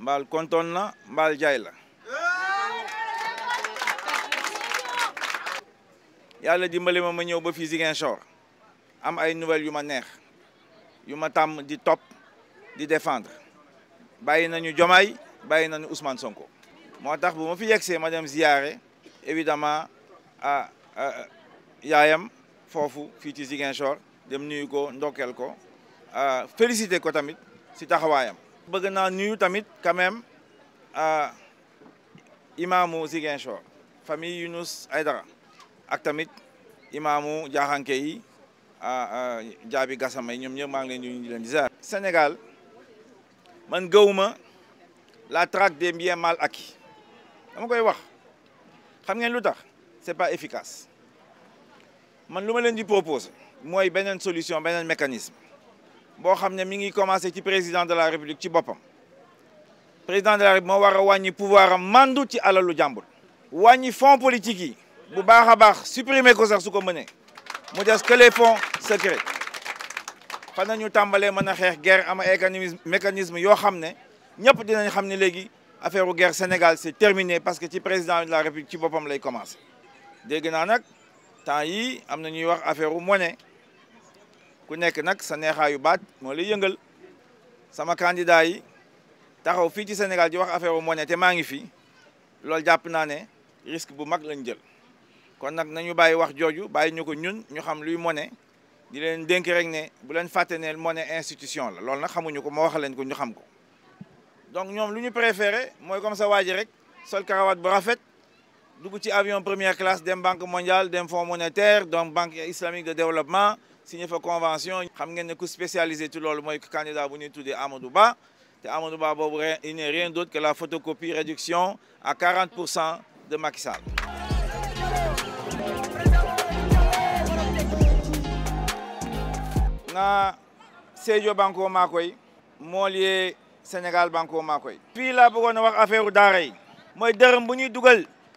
mal content la mal de la yàlla ma ma ñëw ba fii Ziguinchor am ay nouvelles yu ma neex yu ma di top di défendre de Ousmane Sonko motax bu ma fi ma dem ziaré évidemment je yayam fofu fi ci Ziguinchor dem nuyu ko félicité ko tamit si bëgg naa nuyu tamit quand même euh, imaamu Ziguinchor famille Younous Aydara ak tamit imaamu jaaxanke yi jaabi euh, euh, gasama yi ñoom ñëpp maa ngi leen nuyu di leen di ziar. Sénégal man gëwuma la traque des biens mal acquis dama koy wax xam ngeen lu tax c'est pas efficace man lu ma leen di proposer mooy beneen solution beneen mécanisme boo xam mi ngi commencé ci président de la république ci président de la république moo war a pouvoir am mandu ci alalu jàmbur. wàññi fonds politique yi bu baax a supprimer ko sax su ko mënee que les fonds secrets Pendant que ñu tàmbalee mën a guerre am ay mécanisme yoo xam ne ñëpp dinañ xam ne léegi affaire guerre Sénégal c'est terminé parce que ci président de la république ci boppam lay commencé dégg naa nag temps yi am ñuy wax monnaie ku nekk nag sa neexaayu baat moo lay yëngal sama candidat yi taxaw fii ci Sénégal ji wax affaire u monnaie te maa ngi fi loolu jàpp naa ne risque bu mag lañ jël kon nag nañu bàyyi wax jooju bàyyi ñu ko ñun ñu xam luy monnaie di leen dénk rek ne bu leen fàtte ne monnaie institution la loolu na xamuñu ko moo wax leen ko ñu xam ko donc ñoom lu ñu préféré mooy comme sa waa ji rek sol karawaat bu rafet nous ci avion première classe d'une banque mondiale d'un fonds monétaire donc banque islamique de développement signé une convention. xam ngeen ne ku spécialisé ci loolu candidat bu ñuy De Amadou Ba Amadou Ba il n'y il n'est rien d'autre que la photocopie réduction à 40 de Macky Sall. na Sédio Banco Makoy, Sénégal Banco Makoy. Puis fii laa affaire u daara yi mooy dërëm bu ñuy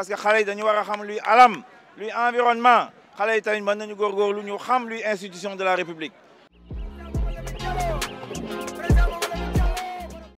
parce que xale yi dañu xam luy alam lui environnement xale yi tamit mën nañu lu ñu xam luy institution de la république